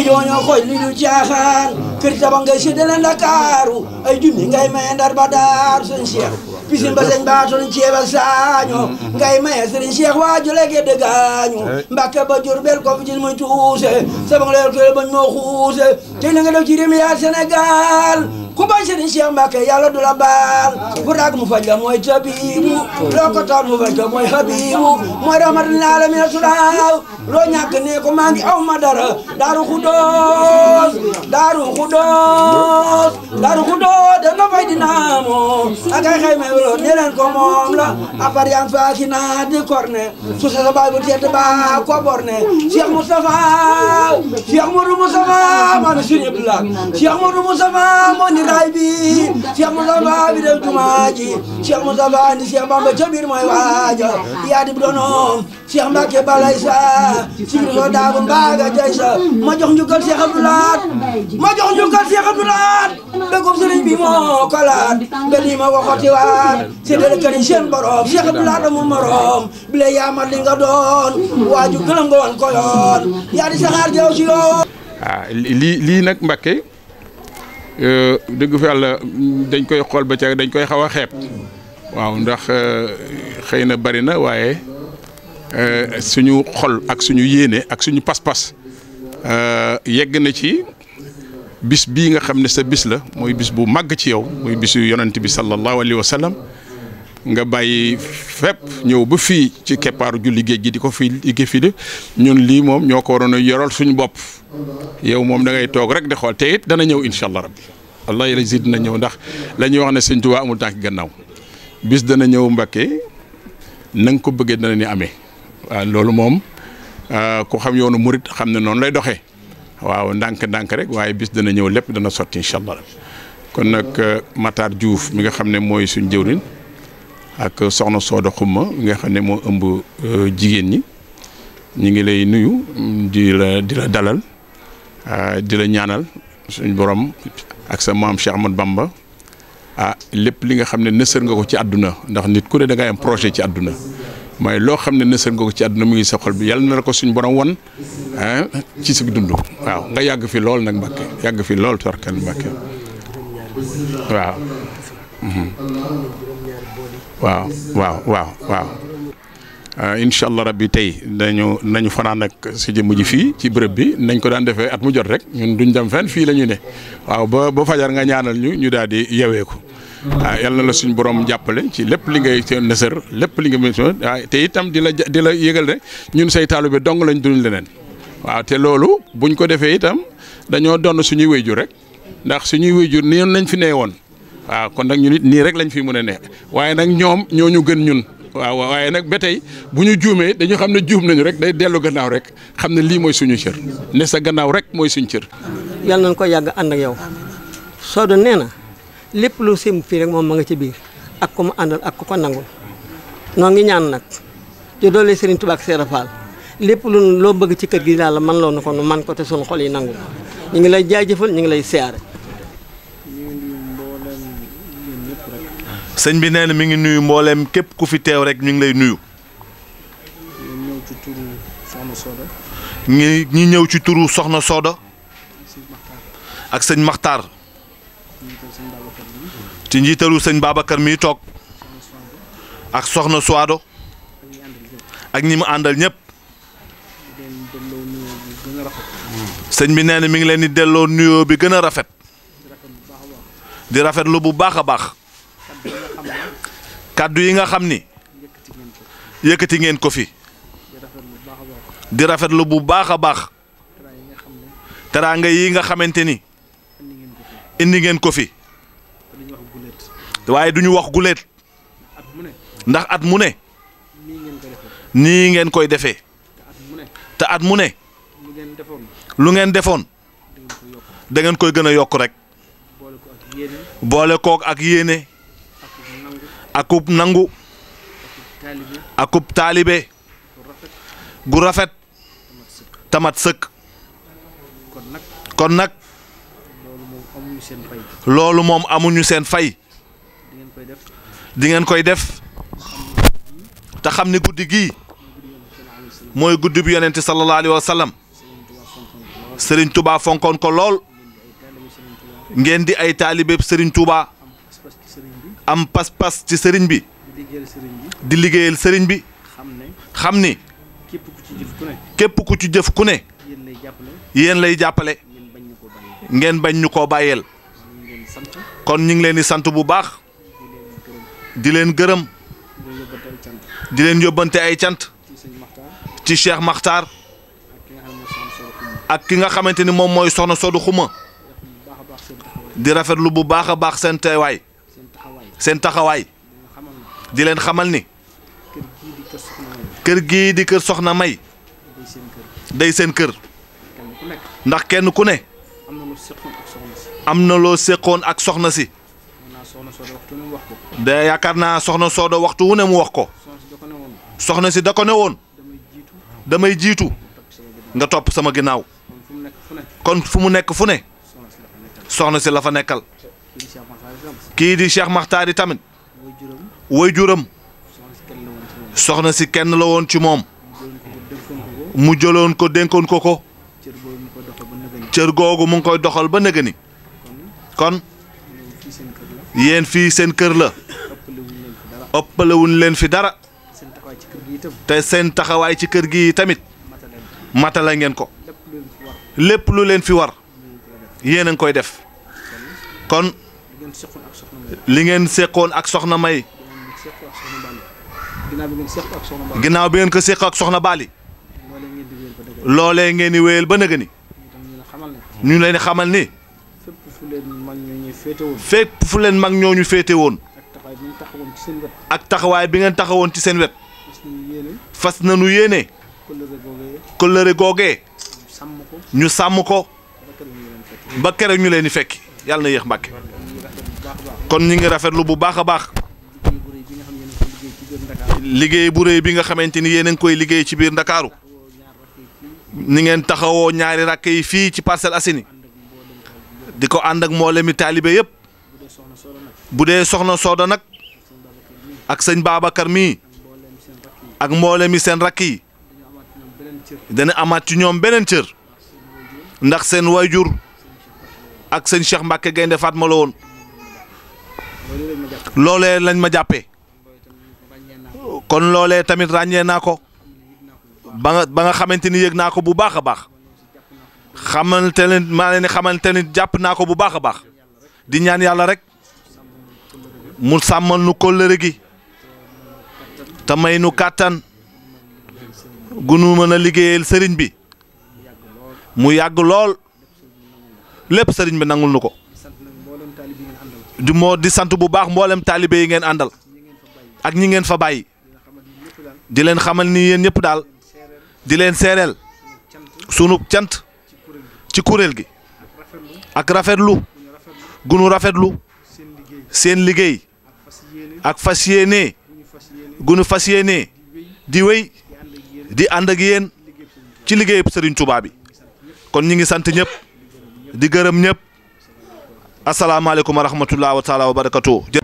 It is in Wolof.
ñoo ñoo xooj li du caaxaan kër taba ngay séddale Ndakaaru ay junni ngay maye ndar ba daar sëñ Cheikh pisin ba sëñ baatoon ceeba saaño ngay maye sëriñ Cheikh waajule gedde gaañu Mbàkke ba Jurbel ko fi jin tuuse sabang leel kër bañ moo xuuse te na nga def ci réew mi yaa kubashira inshyamba ke yarodura bal burak mufajja moy tabibu mu mufajja moy habibu moy rahmatul alamin suraw lo ñak ne ko mangi aw madara daru khudos daru khudos daru khudos da no fay dinamo akay xey may lo ne len ko mom la apar yang fa ki na di corne su sa ba bu tiet ba ko borne cheikh mustafa cheikh modou mustafa man sunu la cheikh mustafa mon ci raay bi Cheikh Moustapha bi def jumaa ji Cheikh Moustapha ni Cheikh Bamba ca biir mooy waaja yaa di doonoom Cheikh Mbacke balay sa soo daagu mbaaga jay ma jox njukkal Cheikh Abdou Lahat ma jox njukkal Cheikh Abdou Lahat dëggub sëriñ bi moo ko laat lii ma waxati waat séddale kër yi seen borom morom bile yaa mat li nga waaju gëlëm nga woon ko jaw si ah, lii lii nag Mbacke Euh, dëgg fa yàlla dañ koy xool ba ca dañ koy xaw a xeeb waaw ndax euh, xëy na bari na waaye euh, suñu xol ak suñu yéene ak suñu pas-pas yegg na ci bis bii nga xam ne sa bis la mooy bis bu màgg ci yow muy bisu yonent bi sallallahu alayhi wa sallam nga bàyyi fépp ñëw ba fii ci keppaaru julli géej gi di ko fi di fi def ñun lii moom ñoo ko waroon a yoral suñu bopp yow moom da ngay toog rek di xool te it dana ñëw incha allah rabbi allah yàlla zid na ñëw ndax la ñuy wax ne sëñ Tuubaa amul tànk gannaaw bis dana ñëw Mbàkke na nga ko bëggee dana ni amee waaw loolu moom ah, ku xam yoonu murit xam ne noonu lay doxee waaw ndànk-ndànk rek waaye bis dana ñëw lépp dana sotti incha allah kon nag ah, Matar Diouf mi nga xam ne mooy suñ jëwrin ak soxna Sooda Xumma nga xam ne moo ëmb euh, jigéen ñi ñu ngi lay nuyu di la di la dalal euh, di la ñaanal suñu borom ak sa maam Cheikh Ahmad Bamba ah lépp li nga xam ne nësër nga ko ci àdduna ndax nit ku ne da ngay am projet ci àdduna mooy loo xam ne nësër nga ko ci àdduna mu ngi sa xol bi yàlla na la ko suñu borom won ci sa dund waaw nga yàgg fi lool nag Mbàkke yàgg fi lool torkal Mbàkke waaw mhm. waaw waaw waaw waaw euh, incha allah rabbi tey dañu nañu fanaan ak si jëmm ji fii ci bërëb bi nañ ko daan defee at mu jot rek ñun duñ dem fen fii la ñu ne waaw ba ba fajar nga ñaanal ñu ñu daal di yewee ko ah, yal na la suñu borom jàppale ci lépp li ngay seen nësër lépp li nga mën ah, te itam di la di la yëgal ne ñun say taalibe dong lañ duñ leneen waaw te loolu buñ ko defee itam dañoo doon suñuy wéyjur rek ndax suñuy wéyjur nii nañ fi nee woon waaw kon nag ñun it nii rek lañ fi mën a ne waaye nag ñoom ñoo ñu gën ñun. waaw waaye nag ba tey bu ñu juumee dañu xam ne juum nañu rek day dellu gannaaw rek xam ne lii mooy suñu cër ne sa gannaaw rek mooy suñu cër. yàlla nañ ko yàgg ànd ak yow soo doon nee na lépp lu sim fii rek moom ma nga ci biir ak ku mu àndal ak ku ko nangu noo ngi ñaan nag te doole Serigne Touba ak Serigne Fall lépp lu loo bëgg ci kër gi daal la man loo na ko nu man ko te sunu xol yi nangul ñu ngi lay jaajëfal ñu ngi lay siyaare sëñ bi nee na mi ngi nuyu mbooleem képp ku fi teew rek ñu ngi lay nuyu. ñëw Soxna Soda. ñi ñëw ci turu Soxna Soda. ak sëñ Maxtaar. ci njiitalu sëñ Babacar mi toog. ak Soxna Suado. ak ñi mu àndal ñëpp. sëñ bi nee na mi ngi leen di delloo nuyoo bi gën a rafet. di rafetlu bu baax a baax. kàddu yi nga xam ni yëkkati ngeen ko fi di rafet rafetlu bu baax a baax teraanga yi nga xamante ni indi ngeen ko fi waaye duñu wax guleet ndax at mu ne nii ngeen koy defee te at mu ne lu ngeen defoon da koy gën a yokk rek boole kook ak yéene akub nangu akub taalibe gu rafet tamat seuk kon nak lolou mom amuñu sen fay di ngeen koy def ta xamni guddi gi moy guddi bi yonnati sallallahu alaihi wasallam Serigne Touba fonkon ko lol ngeen di ay Serigne Touba am pas-pas ci sëriñ bi. di liggéeyal sëriñ bi. di liggéeyal sëriñ bi. xam ne xam ni. képp ku ci jëf ku ne. képp ku ci jëf ku ne. yéen lay jàppale. yéen lay jàppale. ngeen bañ ñu koo bàyyeel. kon ñu ngi leen di sant bu baax. di leen gërëm. di leen yóbbante ay cant. ci Cheikh maxtar ak ki nga xamante ni moom mooy soxna Sodu Xuma. di rafetlu bu baax a baax seen teewaay. seen taxawaay di leen xamal ni kër gi di kër soxna May day seen kër ndax kenn ku ne am na loo séqoon ak soxna si de yaakaar naa soxna Soodo waxtu wu ne mu wax ko soxna si da ko ne woon damay jiitu nga topp sama ginnaaw kon fu mu nekk fu ne soxna si la fa nekkal kii di Cheikh Makhtar yi tamit way juram soxna si kenn la woon ci moom mu jëloon ko dénkoon ko ko cër googu mu ngi koy doxal ba nëgë kon yéen fii seen kër la ëppalewuñ leen fi dara te seen taxawaay ci kër gi tamit matala ngeen ko lépp lu leen fi war yéen a ngi koy def kon li ngeen seqoon ak soxna May. ginnaaw bi ngeen ko seq ak soxna Bali. loolee ngeen di wéyal ba nëgëni. ñu leen di xamal ni. fépp fu leen mag ñoo ñu féete woon. ak taxawaay bi ngeen taxawoon ci seen wet. fas na nu yéene. kóllëre googee. ñu sàmm ko. ba keroog ñu leen di fekki. yalla na yéex kon ñu ngi rafetlu bu baaxa baax liggey bu reey bi nga xamanteni yeen yéen ngi koy liggey ci biir dakaru ni ngeen taxawoo ñaari rakk yi fii ci Parcelles asini di ko ànd ak mboolemi taalibe yëpp bu dee soxna nag ak sëñ Babacar mii ak mboolemi seen rakk yi dana amaat ci ñoom beneen cër ndax seen wayjur ak sëñ Cheikh Mbacke Gaynde Fatma la woon loolee lañ ma jàppe kon loole tamit ràññee naa ko ba nga ba nga xamante ni yëg naa ko bu baax a baax xamante ne maa leen xamante ni jàpp naa ko bu baax a baax di ñaan yàlla rek mu sàmmal nu kóllëre gi te may nu kàttan gu mën a liggéeyal sëriñ bi mu yàgg lool. lepp serigne bi nangul nuko ko du di sante bu baax mbollem talibé yi ngeen andal ak ñi ngeen fa bayyi di len xamal ni yeen ñëpp dal di len seereel sunu cant ci kurel gi ak rafetlu gunu rafetlu sen liggéey ak fas gunu di wey di and ak yeen ci liggéeyub Serigne Touba bi kon ñi ngi sante di gërëm ñëpp asalaamaaleykum wa rahmatulah wa taalaa wa barakatu